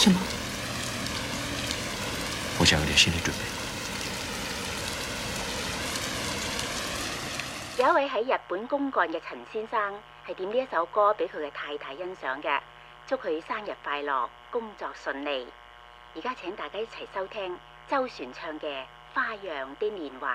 是嗎，我想有點心理準備。有一位喺日本公幹嘅陳先生係點呢一首歌俾佢嘅太太欣賞嘅，祝佢生日快樂，工作順利。而家請大家一齊收聽周璇唱嘅《花樣的年華》。